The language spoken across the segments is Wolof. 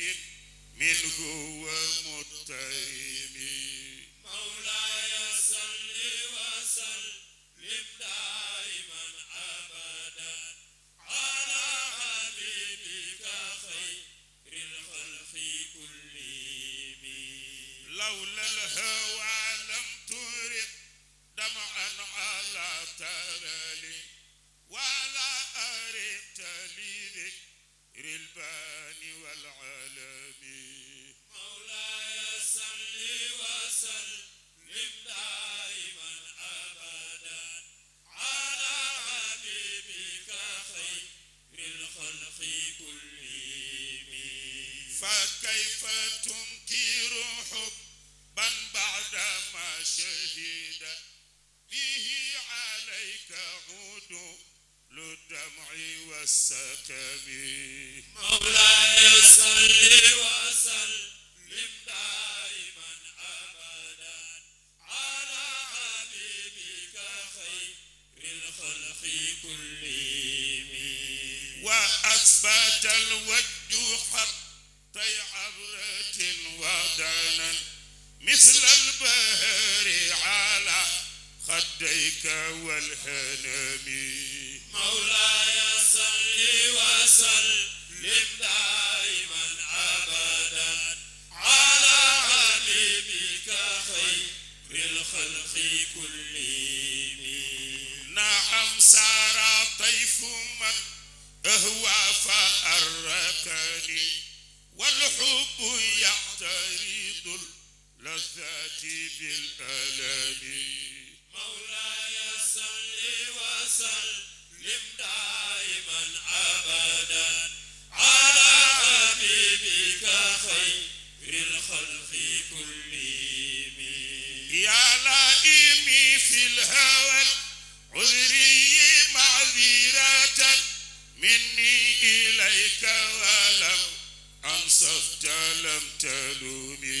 المسكين منه ومطعمين lam talumi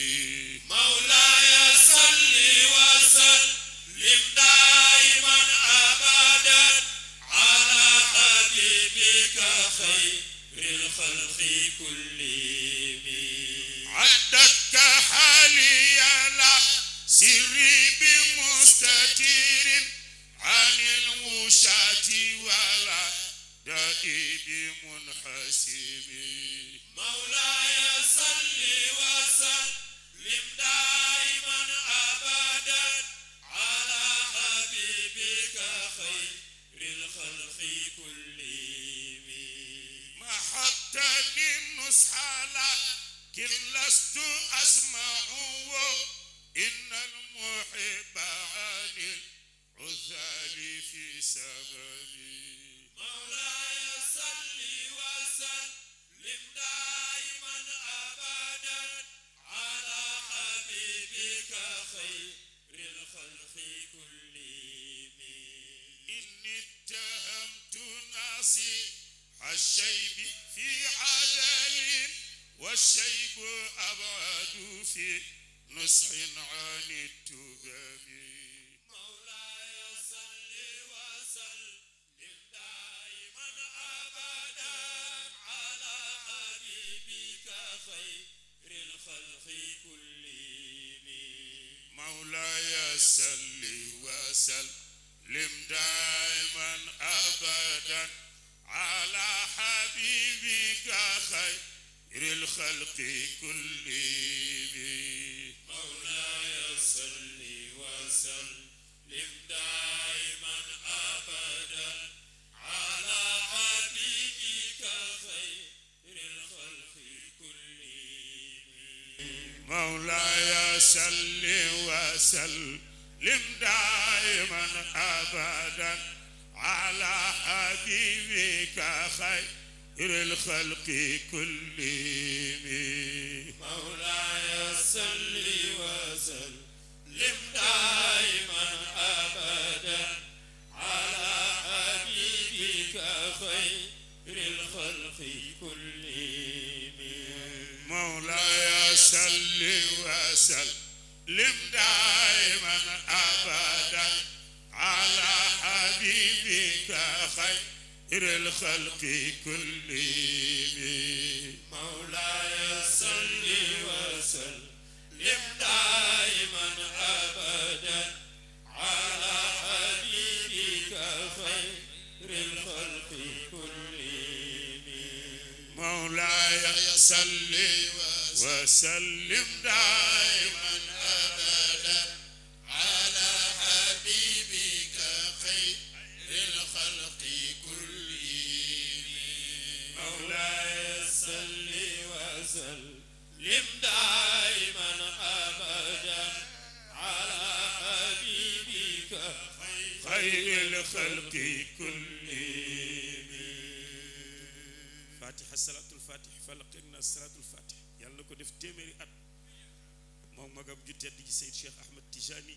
Seyd Cheikh Ahmed Tijani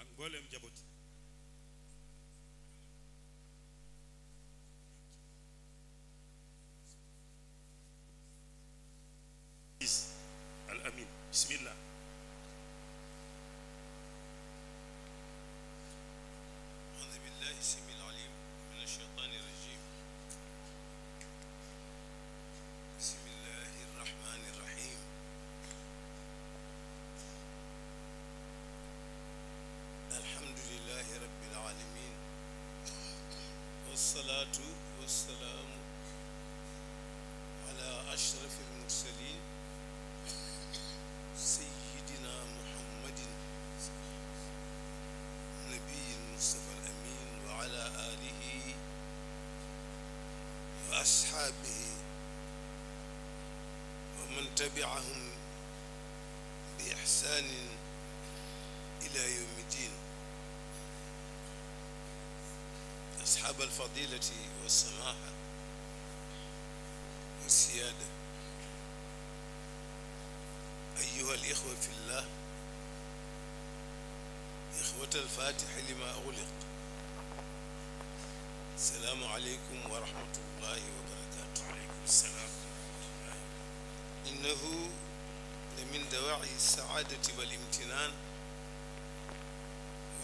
ak mbooleem jabot tabiahum bi ixsaanin ila yowmi ddin asxaab alfadilati walsamaha walsiyaada ayuha alixwa fi llah ixwat alfatixi lima ugliq salaamu aleykum wa rahmatullahi wa barakatu aleykum salaam innahu la min dawaaci saadati wal imtinaan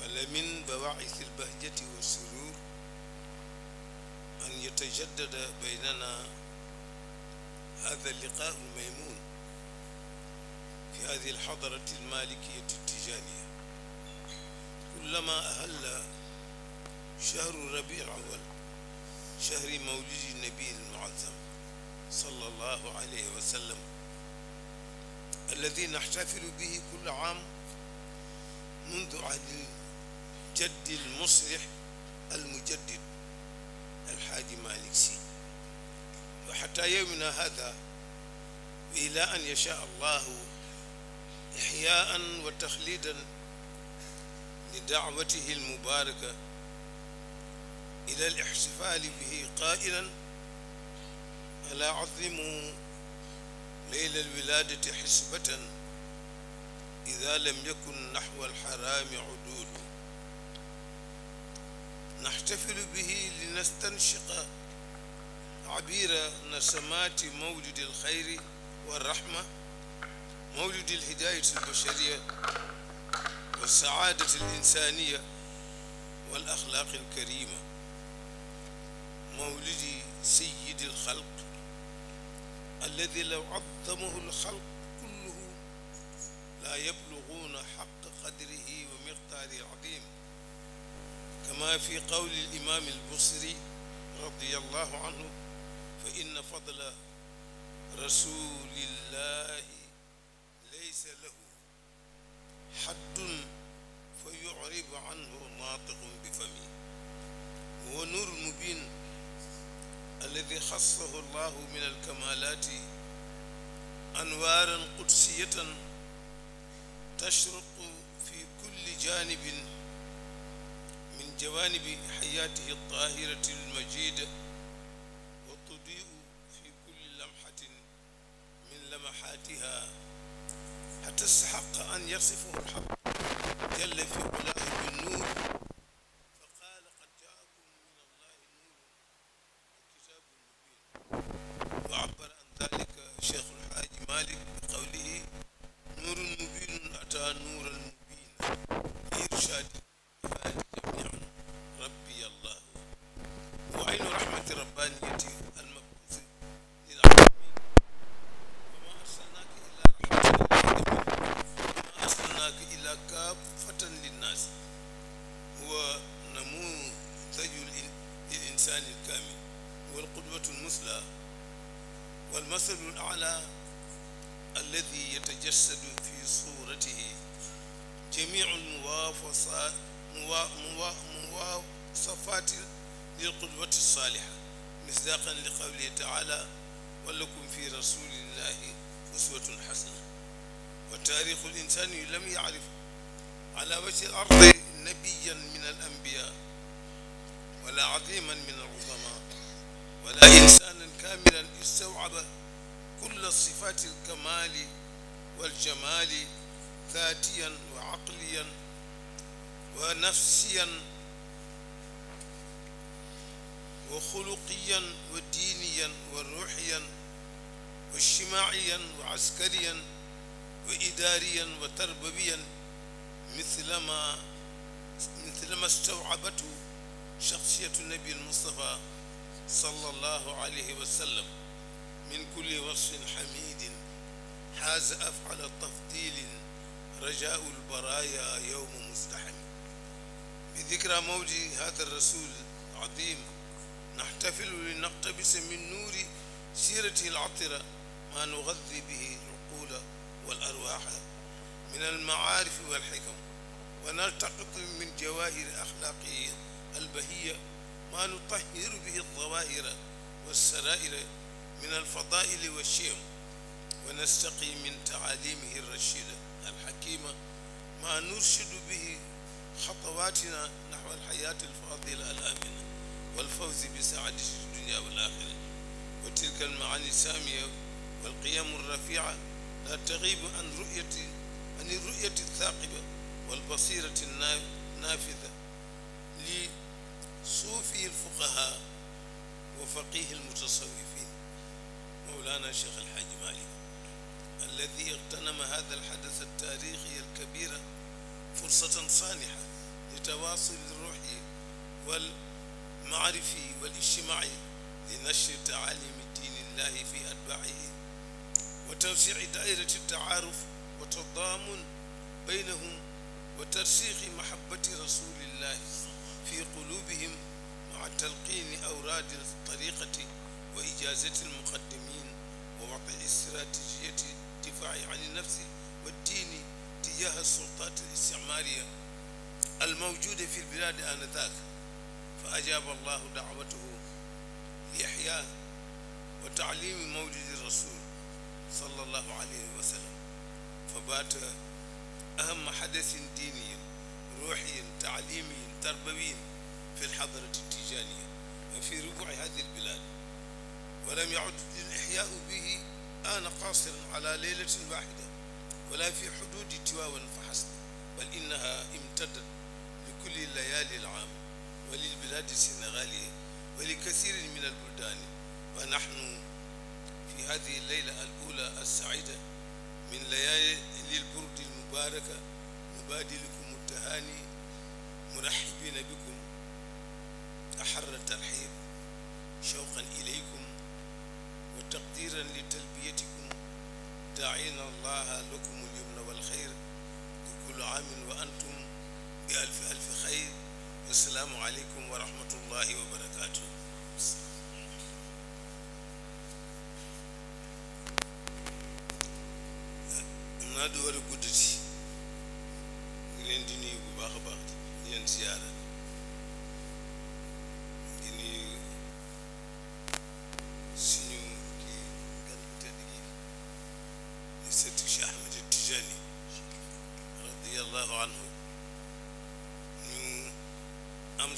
wala min bawaaci albahjati wa surur an yatajaddada baynana hada liqaa maymuun fi hadihi alxadarati almalikiyati altijaniya kullama ahalla shahru rabi awal shahri mawlidi nabi almuazam sallallahu alayhi wa sallam الذي نحتفل به كل عام منذ عهد الجد المصلح المجدد الحاج مالك سي وحتى يومنا هذا إلى أن يشاء الله إحياء وتخليدا لدعوته المباركة إلى الاحتفال به قائلا ألا عظموا ليل الولادة حسبة إذا لم يكن نحو الحرام عدول نحتفل به لنستنشق عبير نسمات مولد الخير والرحمة مولد الهداية البشرية والسعادة الإنسانية والأخلاق الكريمة مولد سيد الخلق alladi law azzamahu lxalq kulluhu laa yabluguuna xaq qadrihi wa miqdaari adim kama fi qawli limaam albusri radiyallahu anhu fa inna fadla rasulillahi الذي خصه الله من الكمالات أنوارا قدسية تشرق في كل جانب من جوانب حياته الطاهرة المجيدة وتضيء في كل لمحة من لمحاتها حتى استحق أن يصفه الحق المصطفى صلى الله عليه وسلم من كل وصف حميد حاز أفعل تفضيل رجاء البرايا يوم مزدحم بذكرى موج هذا الرسول العظيم نحتفل لنقتبس من نور سيرته العطرة ما نغذي به العقول والأرواح من المعارف والحكم ونلتقط من جواهر أخلاقه البهية ما نطهر به الظواهر والسرائر من الفضائل والشيم ونستقي من تعاليمه الرشيدة الحكيمة ما نرشد به خطواتنا نحو الحياة الفاضلة الآمنة والفوز بسعادة الدنيا والآخرة وتلك المعاني السامية والقيم الرفيعة لا تغيب عن رؤية عن الرؤية الثاقبة والبصيرة النافذة لي suufi alfuqaha wa faqihi almutasawifin mawlana cheikh alxaaji malik alladi iqtanama hada alxadas altaarixiya alkabira fursatan saanixa litawaasuli alruuxi walmaarifi walijtimaci linashri taalimi diini illahi fi atbaacihi wa tawsici daairati altacaaruf wa tadaamun baynahum wa tarsiixi mahabati rasulillahi fi qulubihim maa talqiini awraadi tariqati wa ijaazati almuqaddimiin wa wadi stratégiati difaaci an nafsi wa diini tijaaha sultaat alisticmaariya almawjuuda fi lbilaadi aanazaak fa ajaaba allahu dacwatahu li ixyaa wa tacliimi mawlidi rasuul salla allahu alayhi wa sallam fa baata ahama xadasin diiniyin ruuxiyin tacliimiyin التربويين في الحضرة التجانية وفي ربوع هذه البلاد ولم يعد الإحياء به آن قاصرا على ليلة واحدة ولا في حدود تواوا فحسب بل إنها امتدت لكل الليالي العام وللبلاد السنغالية ولكثير من البلدان ونحن في هذه الليلة الأولى السعيدة من ليالي البرد المباركة نبادلكم التهاني muraxibiina bikum axarra tarxiib shawqan ilaykum wa taqdiran li talbiyatikum daaina allaha lakum alyumna walxayr wa kullu aamin wa antum bi alfi alfi xayr wassalaamu aleykum wa rahmatullahi wa barakaatuh naa du war a guddati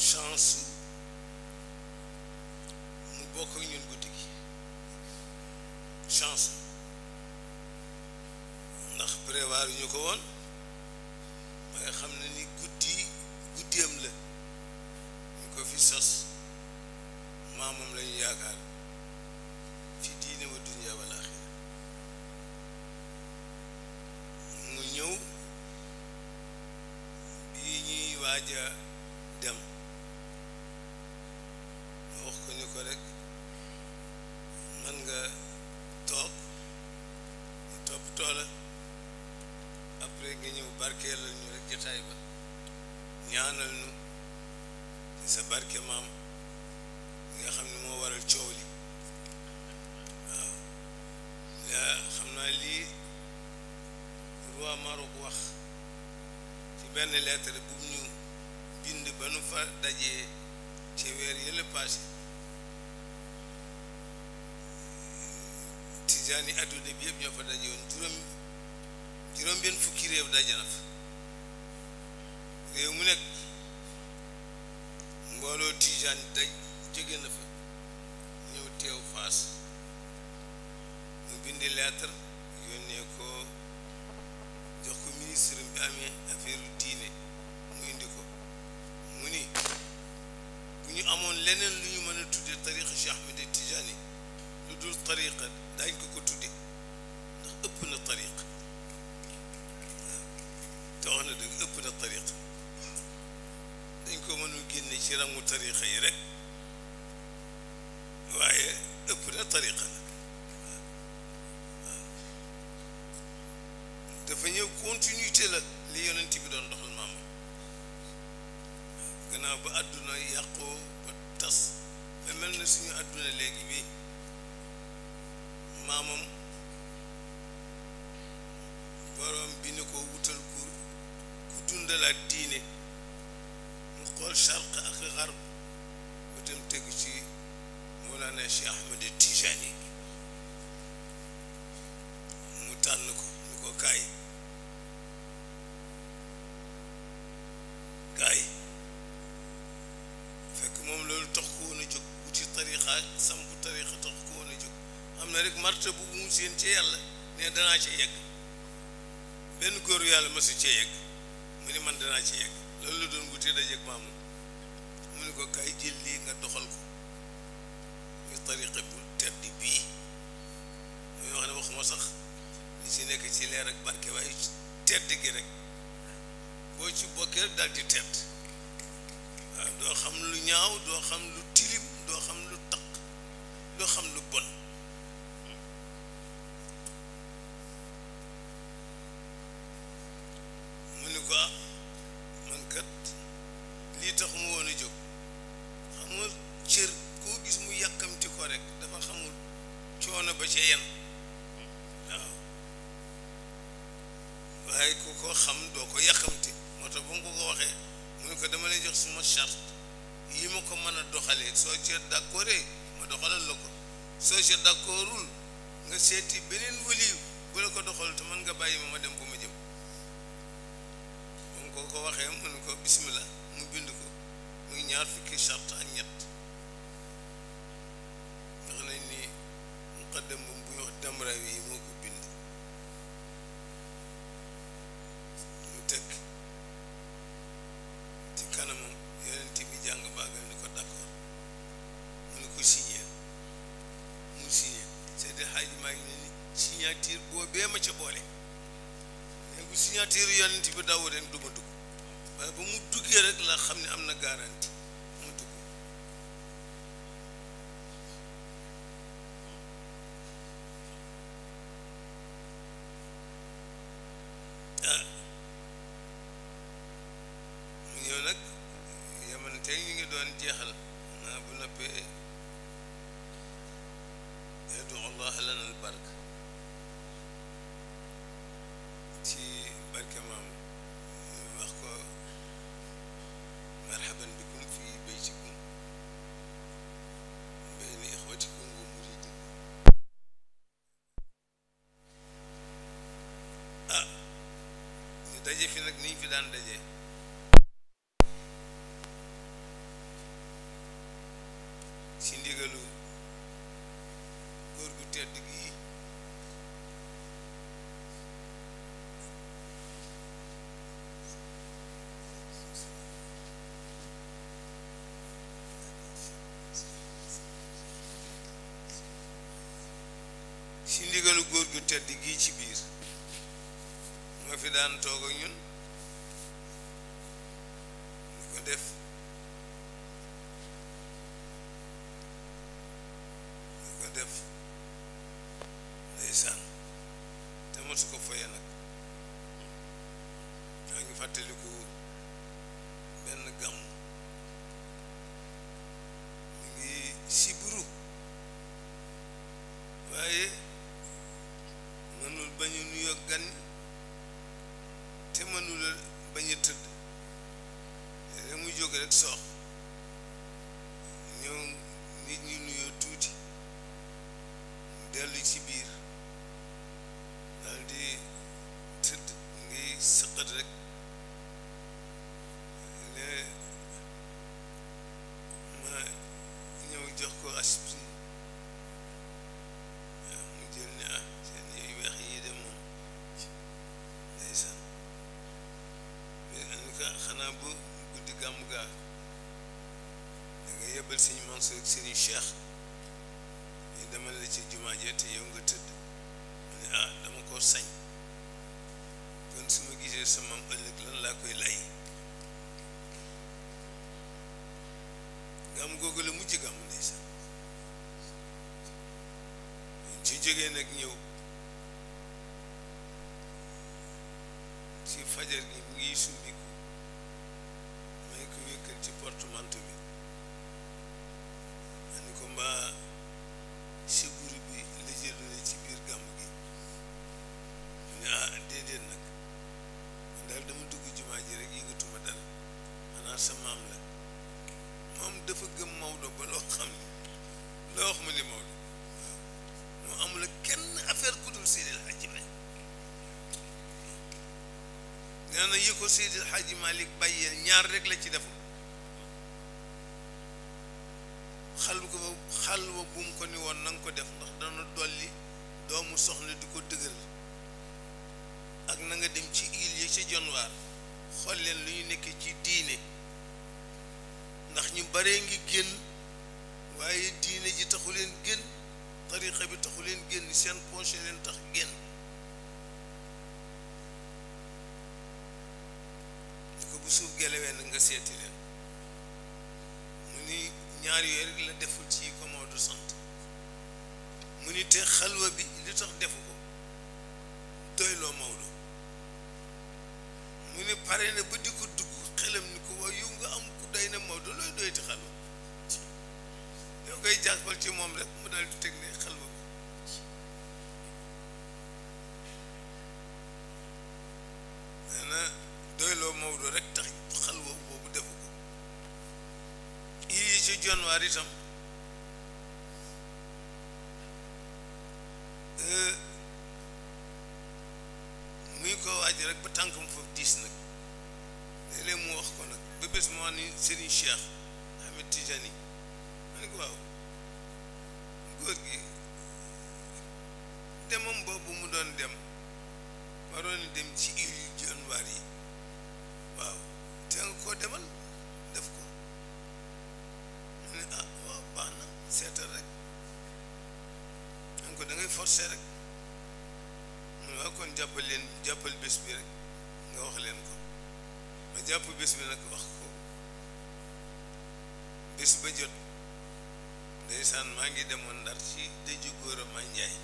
chance benn lettre bu ñu bind ba nu fa dajee ci weer yële passé tijaani bi yëpp ñoo fa daje juróom juróom benn fukki réew daje na réew mu nekk mbooloo tijaan daj jóge na fa ñëw teew faas mu bindi lettre yónnee ko jox ko ministre bi amee affaire jàngu tarixa yi danaa ci yegg benn góoru yàlla mësu cee yegg mu ni man danaa ci yegg loolu la doon wutee dajeeg maamu mu ni ko kay jël lii nga doxal ko ñu tariqa bu tedd bii muy wax ne waxuma sax di si nekk ci leer ak barke waaye tedd gi rek boo ci bokkee rek di tedd waaw doo xam lu ñaaw doo xam ko waxee mu ne ko bisimilah mu bind ko muy ñaar fukki sart ak ñett fi daan dajee ci ndigalu góor gu tedd gi ci ndigalu biir moo fi daan toog ak ñun jóge rek yi ko Seydi Hadji Malick bàyyee ñaar rek la ci def xelam ni ko waaye yow nga am ku doy na Maodo looy doy ti xalwa yow ngay jàppal ci moom rek mu daal di teg ne xalwa bés bi nag wax ko bés ba jot ndeysaan maa ngi demoon ndar ci dëju góor a ma njaay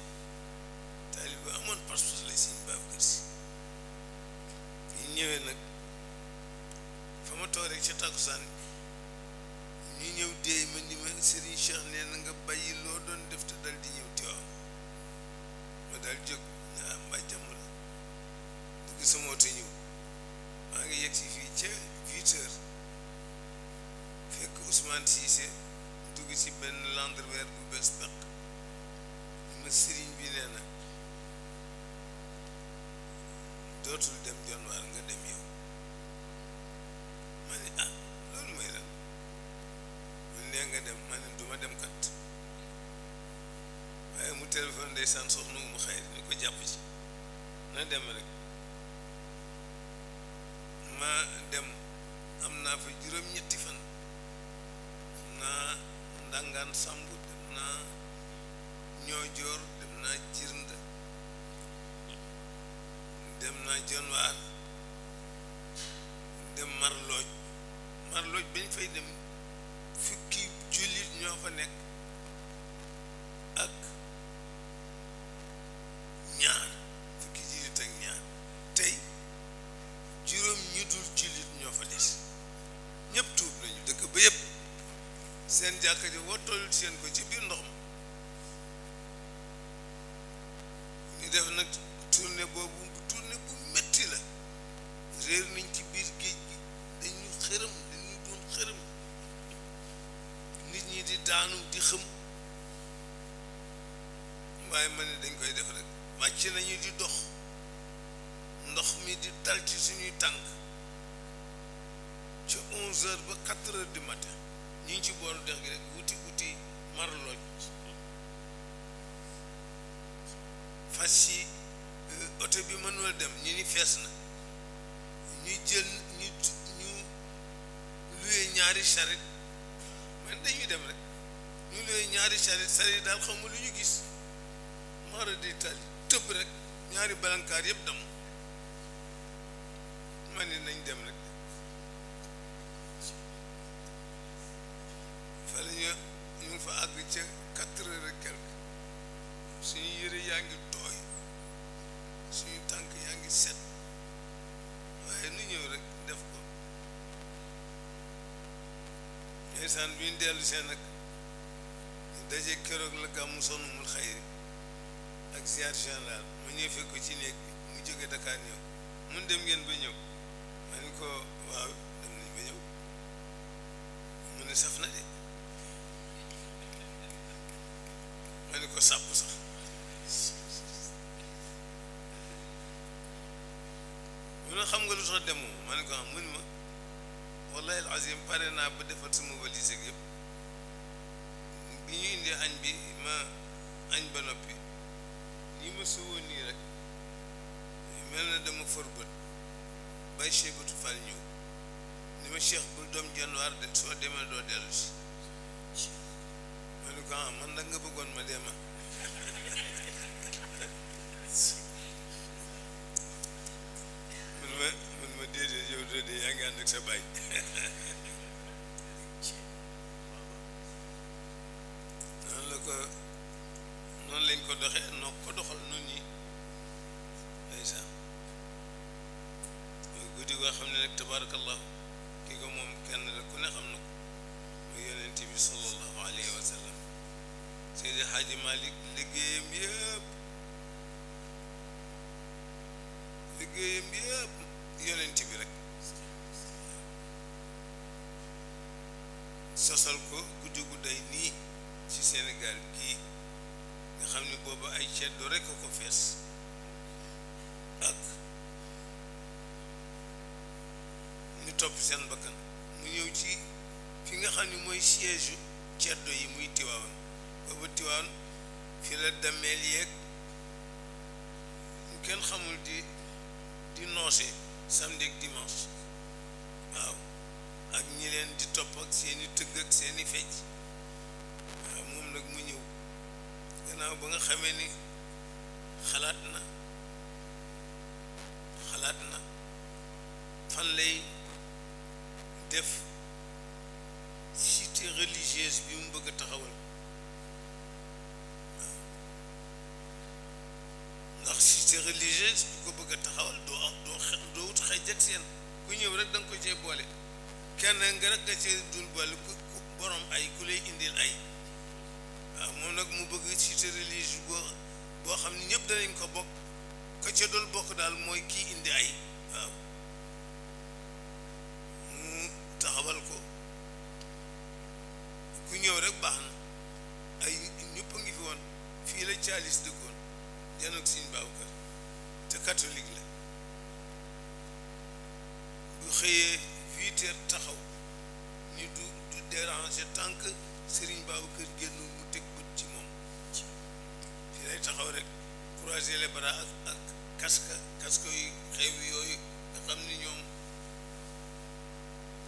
taalib amoon pas-pas la siñ Babacar Si ñu ñëwee nag fa ma toog rek ca takkusaan ñu ñëw déey ma ni ma Serigne Cheikh nee na nga bàyyi man loolu bañ fay dem fukki jullit ñoo fa nekk ak dem ñu ni fees na ñu jël ñu ñu luye ñaari charit man dañuy dem rek ñu luye ñaari charit charit daal xaw ma lu ñu gis mara di tali tëb rek ñaari balankaar yëpp naa ba defar sama valise yëpp bi ñu indi añ bi ma añ ba noppi li ma sowoo nii rek mel na dama for bët bay Cheikh Batou Fall ñëw ni ma Cheikh bul doom januar de soo demee doo dellu ma ne ko ah, man nag nga bëggoon ma dema mun ma mun ma déedéet yow yaa ngi ànd sa bàyyi seen bakkan mu ñëw ci fi nga xam ni mooy siège u ceddo yi muy Tiwaawan booba Tiwaawan fi la dameel yeeg mu kenn xamul di di noose samedi ak dimanche waaw ak ñi leen di topp ak seeni tëgg ak seeni fecc waaw moom nag mu ñëw gannaaw ba nga xamee ni xalaat na ca tànk sëriñ baaw kër génnul mu teg bët ci moom fi lay taxaw rek croiser les bras ak ak kaska kaska yu xew yooyu xam ni ñoom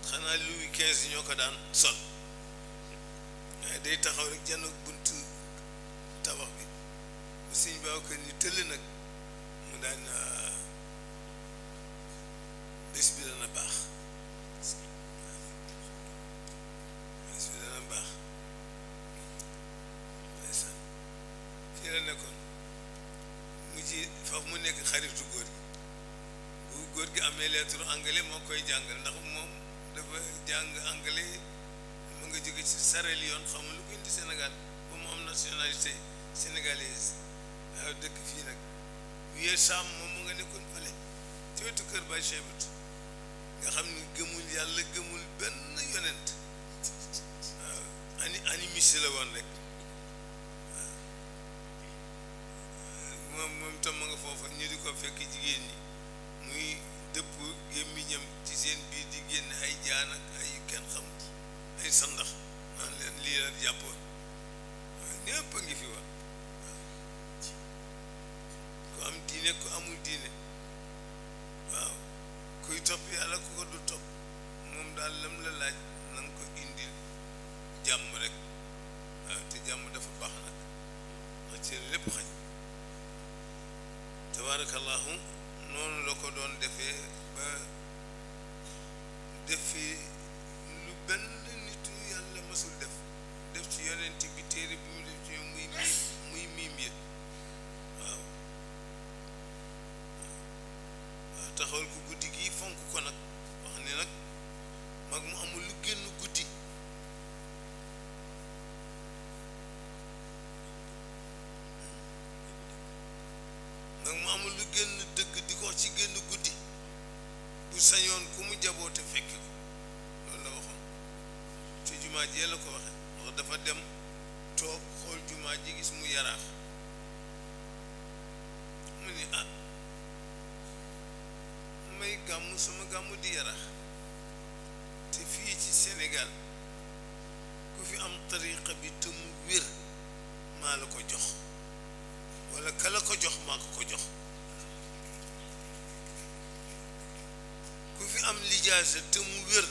xanaa Louis quinze ñoo ko daan sol waaye day taxaw rek jànn bunt tabax bi sëriñ baabu kër ni tëll nag mu daan jumaa ji ko dafa dem toog xool jumaa ji gis mu yaraax mu ni ah may gàmmu sama gàmmu di yaraax te fii ci Sénégal ku fi am tariqa bi te mu wér maa la ko jox wala kala ko jox maa ko ko jox ku fi am lijaasa te mu wér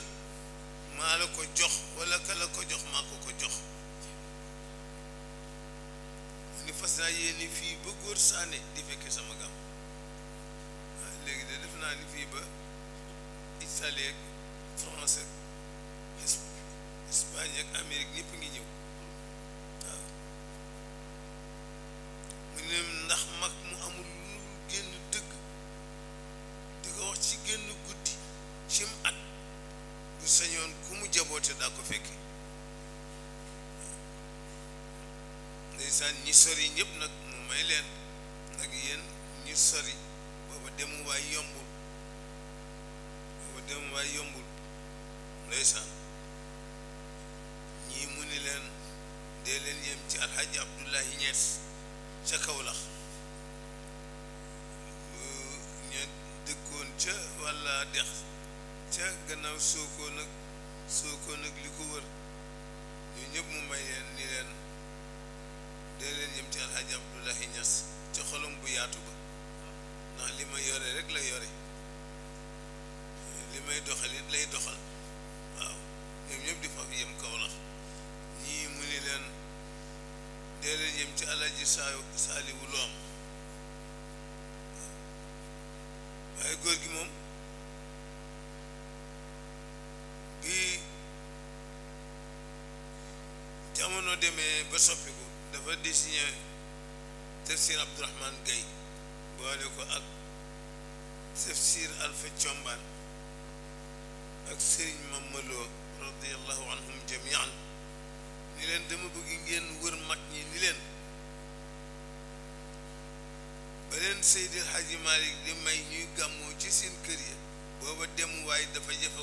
maa la ko jox wala ka la ko jox maa ko ko jox ma ni fas naa fii ba góor saane di fekke sama gam waaw ah, léegi de def naa ni fii ba Italie ak France ak Espagne ak Amérique ñëpp ngi ñëw deme demee ba soppiku dafa désigné tafsir Abdourahman Gaye boole ko ak tafsir Alpha Combaan ak sëriñ Mamaloo radiallahu anhum ni leen dama bëgg ngeen wër mag ñi ni leen ba leen Seydi Hadji Malick di may ñuy gàmmoo ci seen kër ya booba demuwaay dafa jafe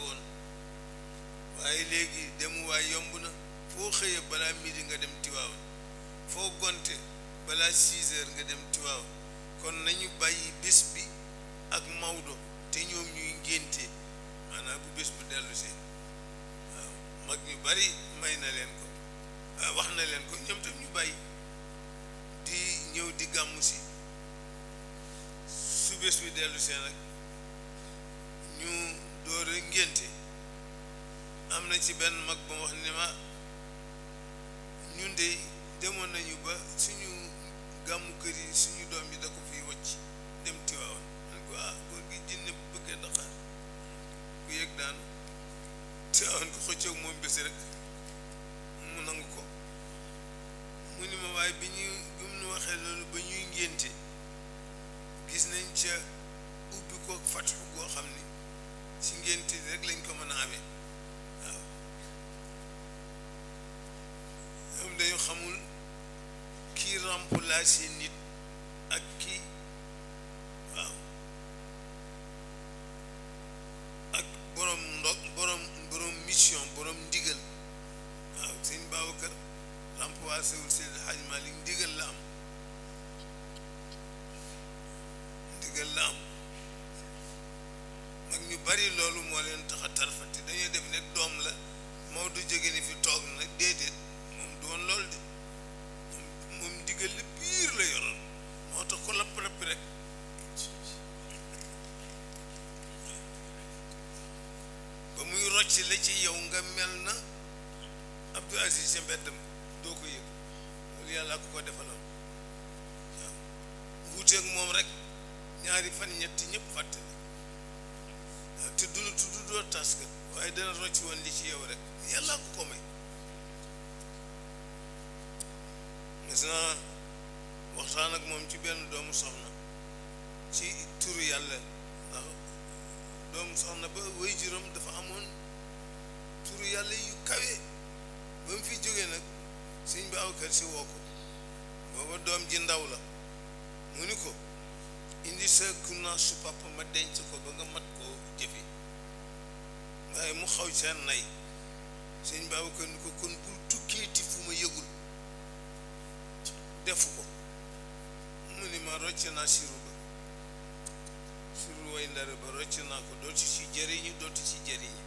waaye léegi demuwaay yomb na foo xëyee balaa midi nga dem tiwaawan foo gonte balaa six heures nga dem tiwaawan kon nañu bàyyi bés bi ak Maodo te ñoom ñuy ngénte maanaam bu bés bu dellusee waaw mag ñu bari may na leen ko ah, wax na leen ko ñoom tam ñu bàyyi di ñëw di gàmmu si su bis bi dellusee nag ñu door a ngénte am na ci benn mag ba wax ni ma ñun de demoon nañu ba suñu gàmmu kër yi suñu doom yi da ko fiy wëcc dem Tiwaawan man ko ah góor gi jinne bu bëggee daxaar ku yëg daan Tiwaawan ko xëccoog moom bés rek mu nangu ko mu ni ma waaye bi ñu bi mu nu waxee loolu ba ñuy ngénte gis nañ ca ubbi ko fatu goo xam ni ci ngénte rek lañ ko mën a amee population des waxtaan ak moom ci benn doomu soxna ci turu yàlla ndax doomu soxna ba way juróom dafa amoon turu yàlla yu kawe ba mu fi jógee nag sëñ bi aw kër si woo booba doom ji ndaw la mu ni ko indi sa kunna su papa ma denc ko ba nga mat koo jëfe waaye mu xaw seen nay sëñ bi aw ko kon bul tukkeeti fu ma yëgul defu ko mu ni ma rocc naa siru ba siru way ndare ba rocc naa ko dootu ci jëriñu dootu ci jëriñu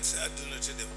nag sa àdduna te dem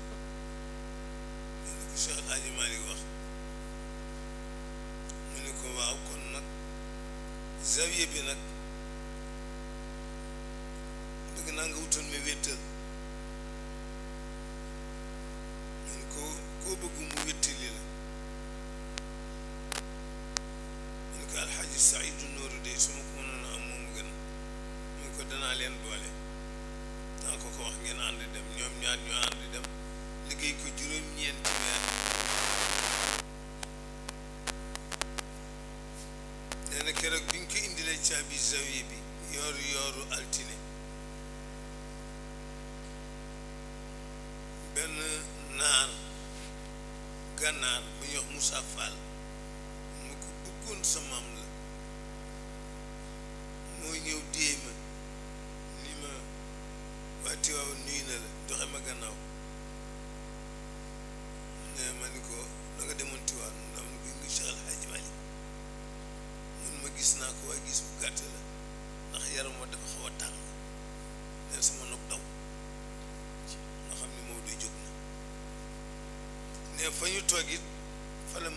fa ñu toog it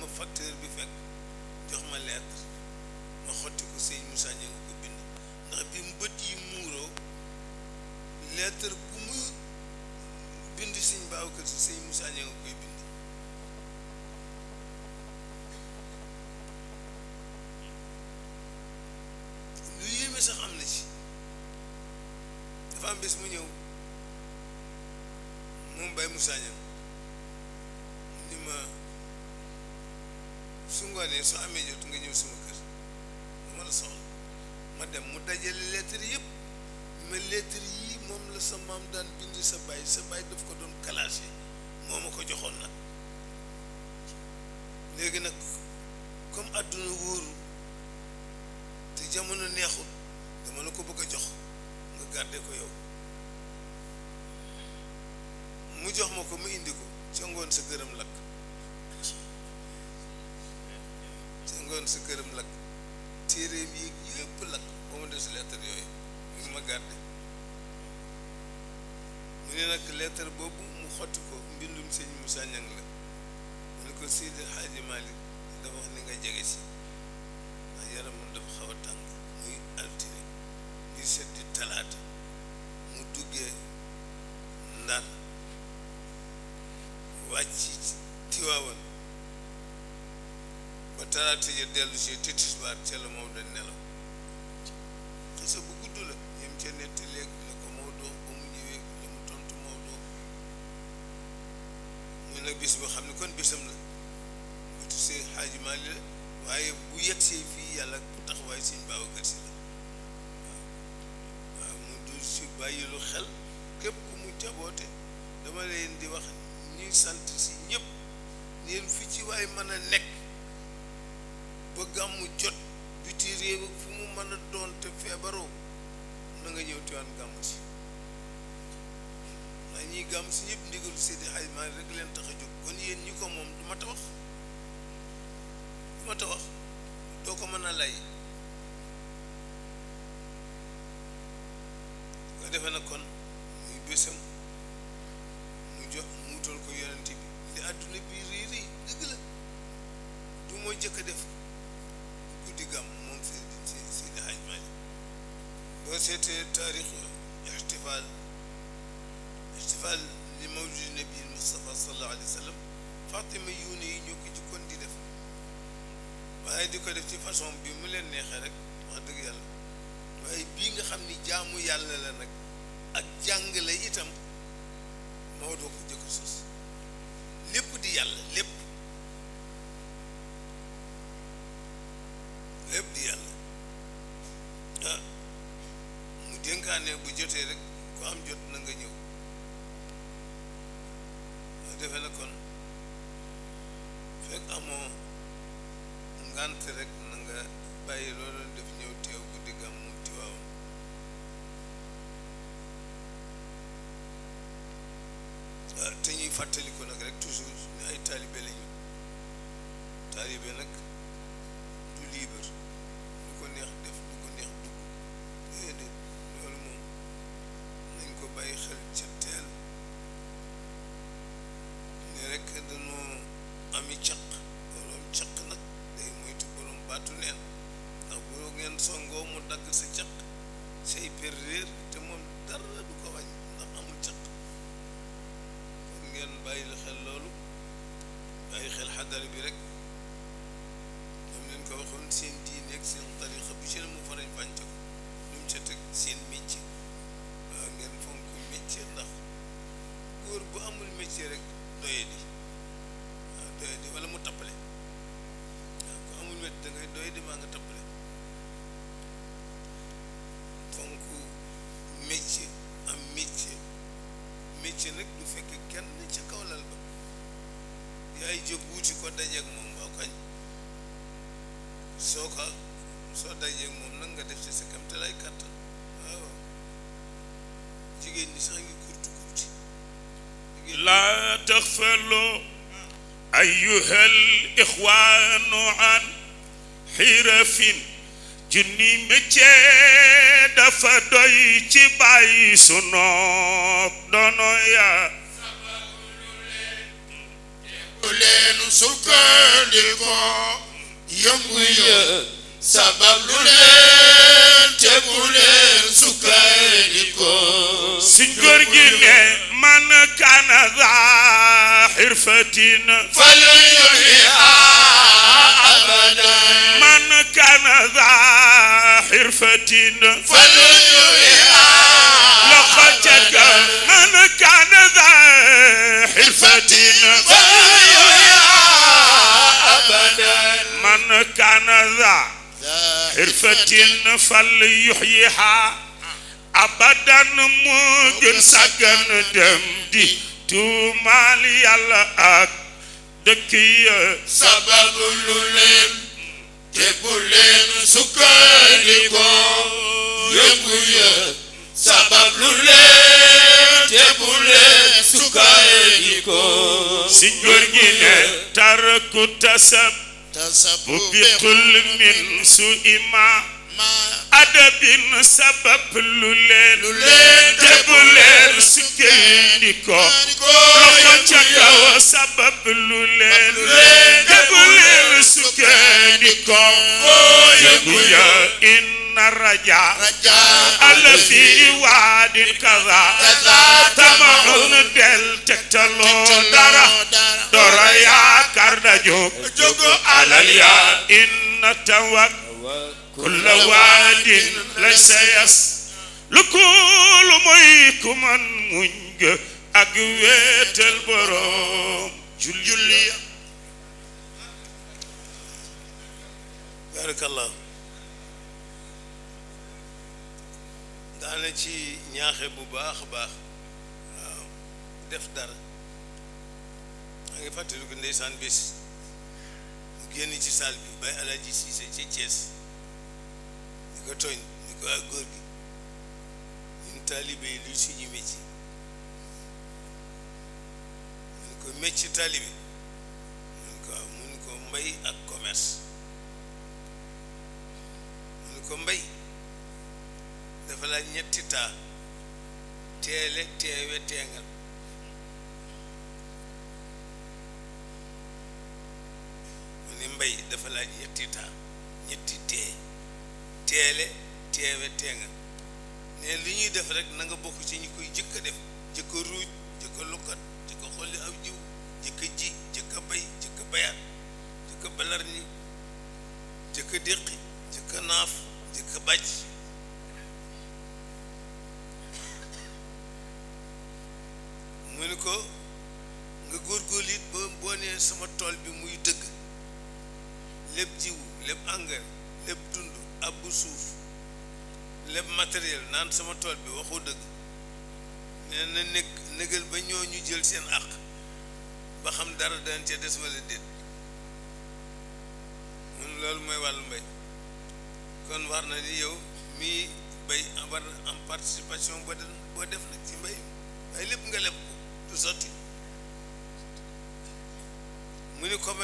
ma facteur bi fekk jox ma lettre ma xotti ko sëñ Moussa ñu ko bind ndax bi mbët yi muuroo lettre bu muy bind sëñ Babacar Si sëñ Moussa ñu ngi koy bind lu yéeme sax am na ci dafa am bés mu ñëw moom Baye Moussa ne soo amee jot nga ñëw sama kër ma la soxla ma dem mu dajale lettre yëpp ma lettre yi moom la sa maam daan bind sa baay sa baay daf ko doon classé moo ma ko joxoon nag léegi nag comme àdduna wóoru te jamono neexul dama la ko bëgg a jox nga garde ko yow mu jox ma ko mu indi ko ca ngoon sa gërëm lakk ngoon si këram lakk téeréem yi yëpp lakk ba mu des lettre yooyu mu ma gàdde mu ne nag lettre boobu mu xotti ko mbindum sëñ Moussa Niang la mu ne ko Seydi Hadji Malick dafa wax ni nga jege si yaram moom dafa xaw a laata ñu dellu si titisbaar ca la moom dañ nelaw gàmm si yëpp ndigalu Seydi Hadji Malick rek leen tax a jóg wax doo ko mën a lay nga defe na kon muy bésam mu ko yonent bi li àdduna bi la du mooy jëkk def guddi gàmm moom Seydi Seydi Hadji Malick boo seetee taarix alayhi wa sallam Fatima yuune yi ñoo ko jikkoon di def waaye di ko def ci façon bi mu leen neexee rek wax dëgg yàlla waaye bii nga xam ni jaamu yàlla la nag ak jàngale itam moo doo ko jëkk sos lépp di yàlla lépp lépp di yàlla ah mu dénkaane bu jotee rek ku am jot na nga ñëw ko defee la kon fekk amoo ngant rekk na nga bàyyi loolu def ñëw teew guddi gàmmu Tiwaawan ah, te ñuy fàttali nag rek toujours ñu ay taalibe lañu taalibe nag فلو أيها الإخوان عن حرف junni métier dafa doy ci bàyyi sunoo doono ضيفة فليحيها أبدا من كان ذا حرفة فليحيها لقد جد من كان ذا حرفة فليحيها أبدا من كان ذا حرفة فليحيها أبدا مجن سجن دمدي tuumaal yàlla ak dëkk ya sababu lu leen te bu leen sukkandikoo yëngu ya si góor gi ne taraku tasab tasab bu bi min su ima adabin sabab lu leen te bu leen sukkandikoo loxo ca kaw sabab lu leen te bu leen sukkandikoo yëgu ya inna raja ala fi waadin kaza tamaxun del tegtaloo dara dora yaakaar na jóg alal ya inna tawak كل واد ليس يس لكل ميكم منج أقويت البروم جل جليا بارك الله daana ci ñaaxe bu baax baax waaw def dara maa ngi fàttaliku ndeysaan bis mu ci salle bi bay Alaaji Siise ci Thiès nga tooñ ni ko ak ah, góor gi ñun taalibe yi luy suñu mécc mun ko mécc taalibe mun ko ah, mun ko mbay ak commerce mun ko mbay dafa laa ñetti taa teele teewe teengal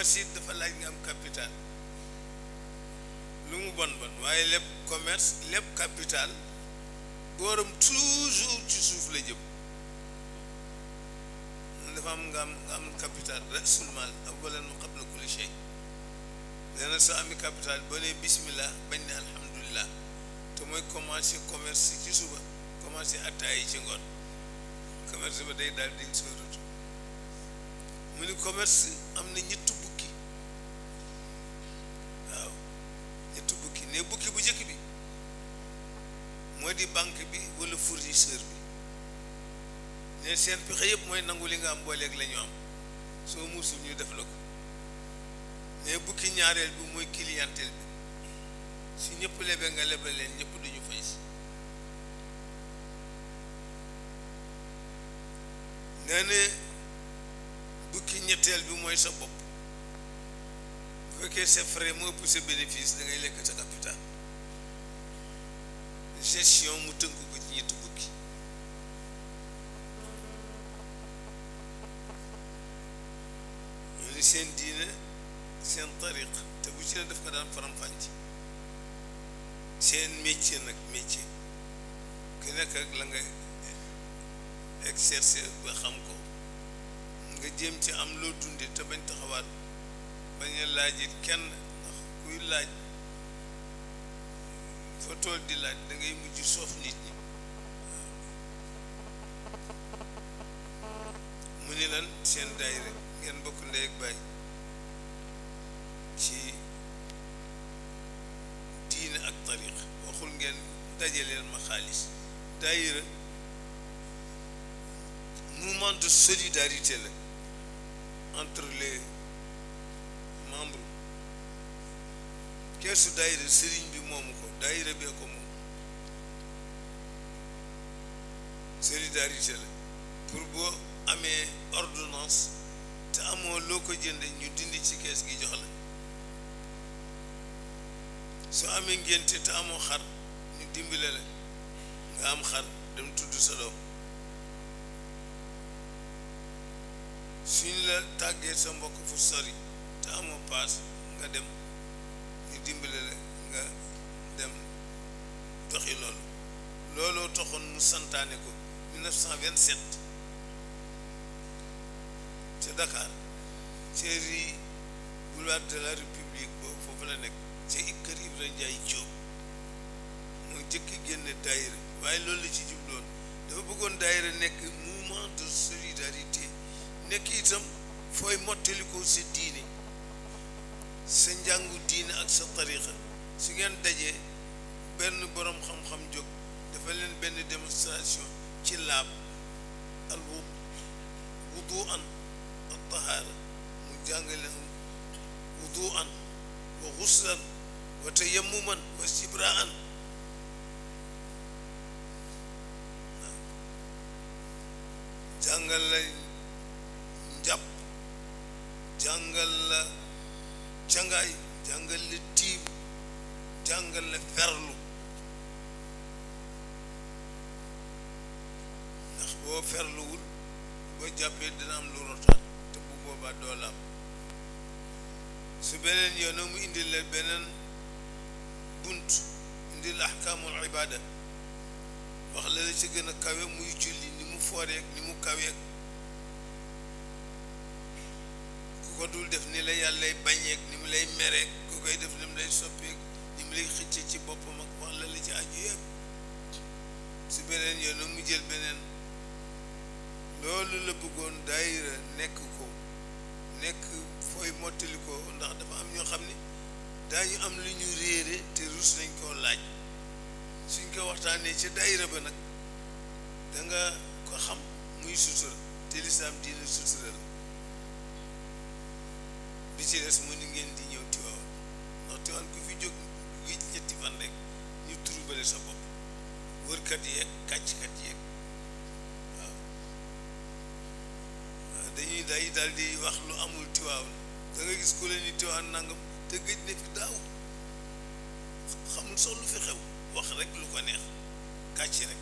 machine dafa laaj nga am capital lu mu bon bon waaye lépp commerce lépp capital booram toujours ci suuf la jëm dafa am am am capital rasul maal awwalan wa qabla kulli capital ba lee bañ ne alhamdulillah commencé commerce ci suba commencé attaay ngoon commerce day daal commerce am na ñett mais seen pexe yëpp mooy nangu li nga am booleeg la ñu am soo muusul ñu def la ko mais bukki ñaareel bi mooy clientèle bi si ñëpp lebe nga lebe leen ñëpp duñu fay si nee bukki ñetteel bi mooy sa bopp bu fekkee sa frais moo ëpp sa bénéfice da lekk sa capital gestion mu tënk ko ci ñi seen diine seen tariq te bu ci ne daf ko daan faram-fàcc seen métier nag métier ku nekk ak la nga exercer ba xam ko nga jéem ci am loo dunde te bañ taxawaat bañ a laaj kenn ndax kuy laaj fa tool di laaj da ngay mujj soof nit ñi mu ni lan seen daay ndey ak ci diine ak tariq waxul ngeen dajaleel ma xaalis dayre mouvement de solidarité la entre les membres keesu daayira sëriñ bi moomu ko daayira bee ko moom solidarité loo ko jënde ñu dindi ci kees gi jox la soo amee ngénte te amoo xar ñu dimbile la nga am xar dem tudd sa doom suñ la tàggee sa mbokk fu sori te amoo paas nga dem ñu dimbale la nga dem doxi loolu looloo toxoon mu santaane ko 1927 ca Dakar série boulevard de la république boobu foofu la nekk ci kër Ibra Ndiaye Diop moo jëkk génn daayira waaye loolu la ci jubloon dafa bëggoon daayira nekk mouvement de solidarité nekk itam fooy mottali ko sa diine sa njàngu diine ak sa tarixa su ngeen dajee benn boroom xam-xam jóg dafa leen benn démonstration ci laab al wudu an al tahaara jàngale na wuduan wa xuslan wa tayammuman wa sibraan waaw jàngal la njàpp jàngal la cangaay tiim jàngal ferlu ndax boo ferluwul boo jàppee dina am lu rotaan te boobaa doo su beneen yoon mu indi leen beneen bunt indil la ahkaamul ibaada wax la la ci gën a kawe muy julli ni mu fooreek ni mu kaweek ku ko dul def ni la yàllay bañeek ni mu lay mereek ku koy def ni mu lay soppeek ni mu lay xëcce ci boppam ak wax la la ci aju yëpp su beneen yoon mu jël beneen loolu la bëggoon daayira nekk ko nekk koy mottalikoo ndax dafa am ñoo xam ne daañu am lu ñu réere te rus nañ koo laaj suñ ko waxtaanee ca daayira ba nag danga ko xam muy sutura te lislaam diine sutura la bi ci des mu ngeen di ñëw Tiwaawan ndax Tiwaawan ku fi jóg gi ñetti fan rek ñu turubale sa bopp wërkat yeeg kàcckat yeeg waaw dañuy day daal wax lu amul Tiwaawan da gis ku leen yittewoo ak nangam te gëj na fi daaw xamul sax fi xew wax rek lu ko neex kàcc rek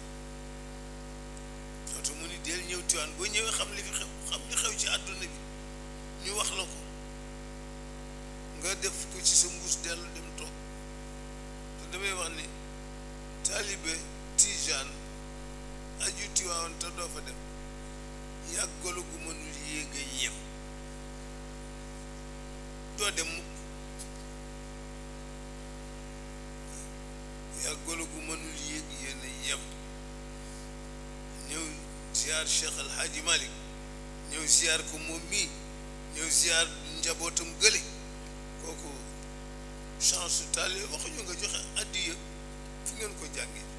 oto mu ni deel ñëw tiwaan boo ñëwee xam li fi xew xam li xew ci àdduna bi ñu wax la ko nga def ko ci sa mbuus dellu dem toog te damay wax ni taalibe tijaan aju tiwaawan te doo fa dem yàggolo gu mënul yéeg a yem doo dem mukk yaa golo gu mënul yéeg yéen a yem ñëw ziar Cheikh El Hadj ñëw ziar ko moom mii ñëw ziar njabootam gële kooku chance su taale waxuñu nga joxe addiya fu ngeen ko jàngee.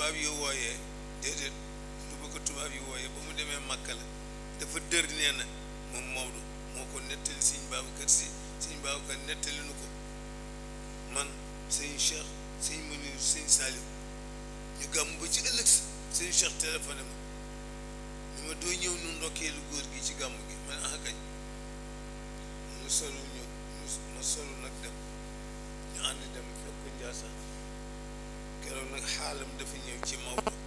tubaab yi wooyee déedéet du ba ko tubaab yi wooyee ba mu demee Makka la dafa dër nee na moom Maodo moo ko nettali sëñ Babacar si sëñ Babacar nettali nu ko man sëñ Cheikh sëñ Munir sëñ Salim ñu gàmm ba ci ëllëg sa sëñ Cheikh téléphone ma ni ma doo ñëw nu ndokkeelu góor gi ci gàmm gi man ah kañ mu solu ñëw ma solu ne xaalam dafa ñëw ci Maodo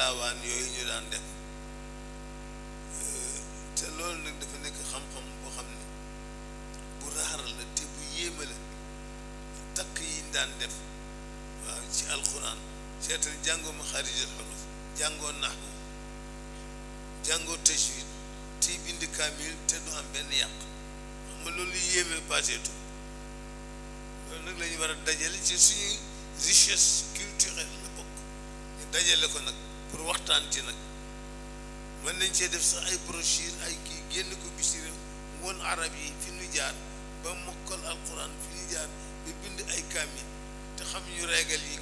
laawaan yooyu ñu daan def eh, te loolu nag dafa nekk xam-xam boo xam ne bu raar la te bu yéeme la takk yi ñu daan def waaw ci alxuraan seetal jàngoo ma xaarijal xuruf jàngoo naxwu jàngoo tajwid te bind kaamil te du am benn yàq xam nga loolu yéeme passetu loolu nag la war a dajale ci suñuy richesse culturelle la bokk dajale ko nag pour waxtaan ci nag mën nañ cee def sa ay brochure ay kii génn ko bi si réew arab yi fi ñu jaar ba mokkal alquran fi ñu jaar bind ay kaamil te xam yu régal yi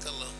tabarakallah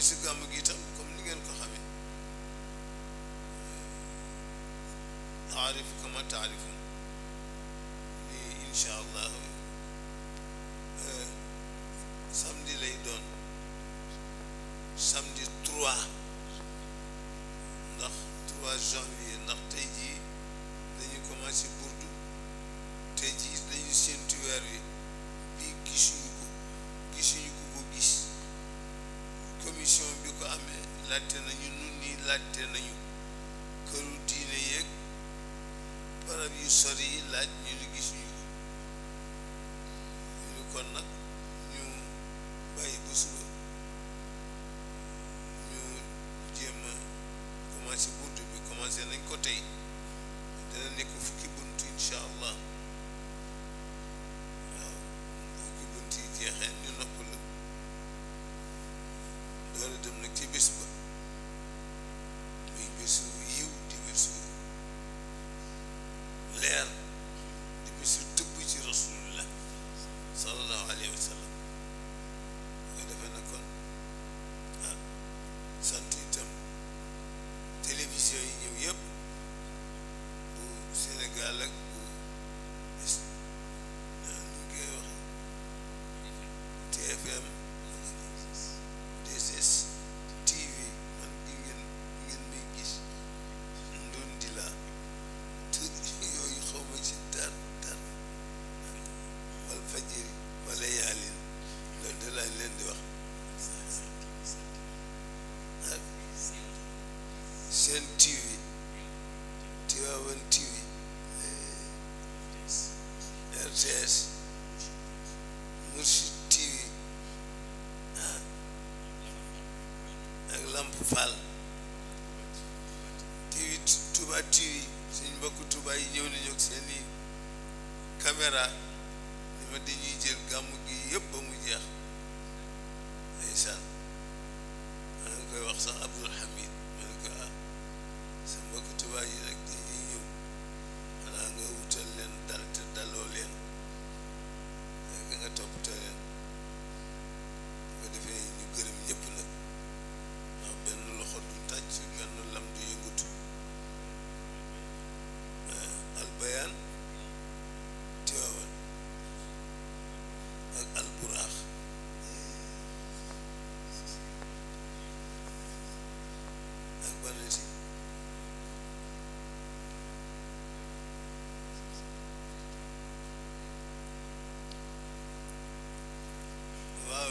bisu gàmm gi itam comme ni ngeen ko xamee taarifu kama taarifun ni incha allah Fall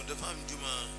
dafa am juma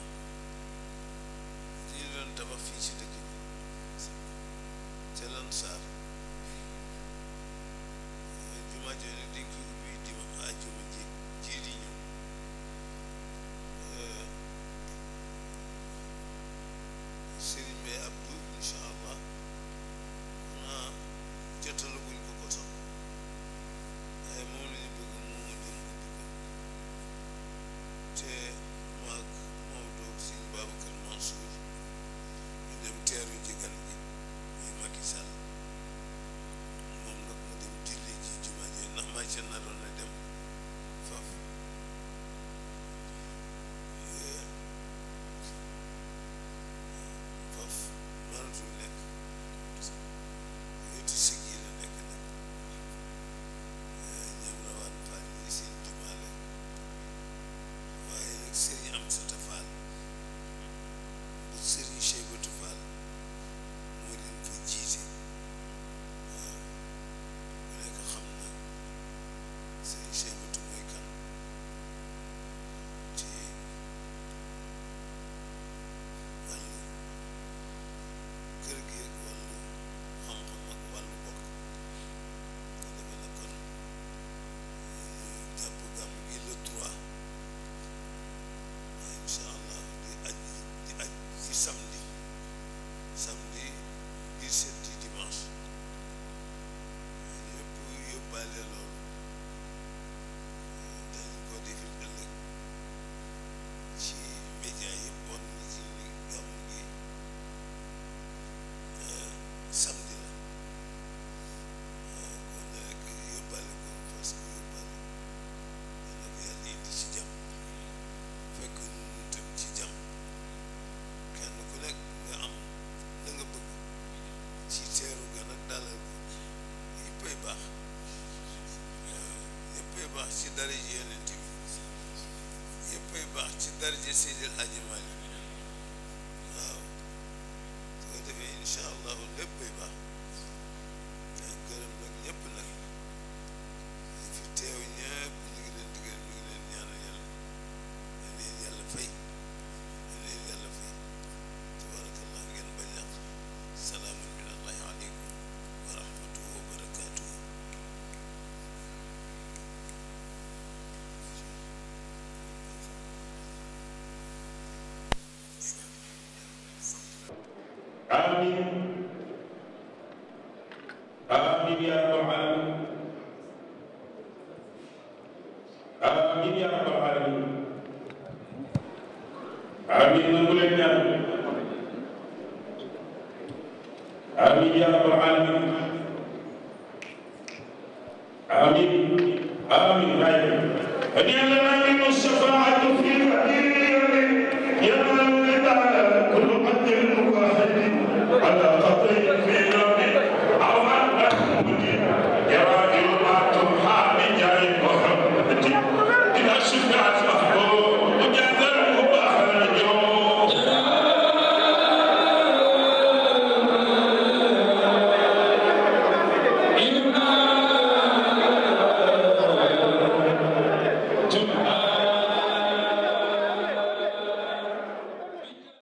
Seydi Hadji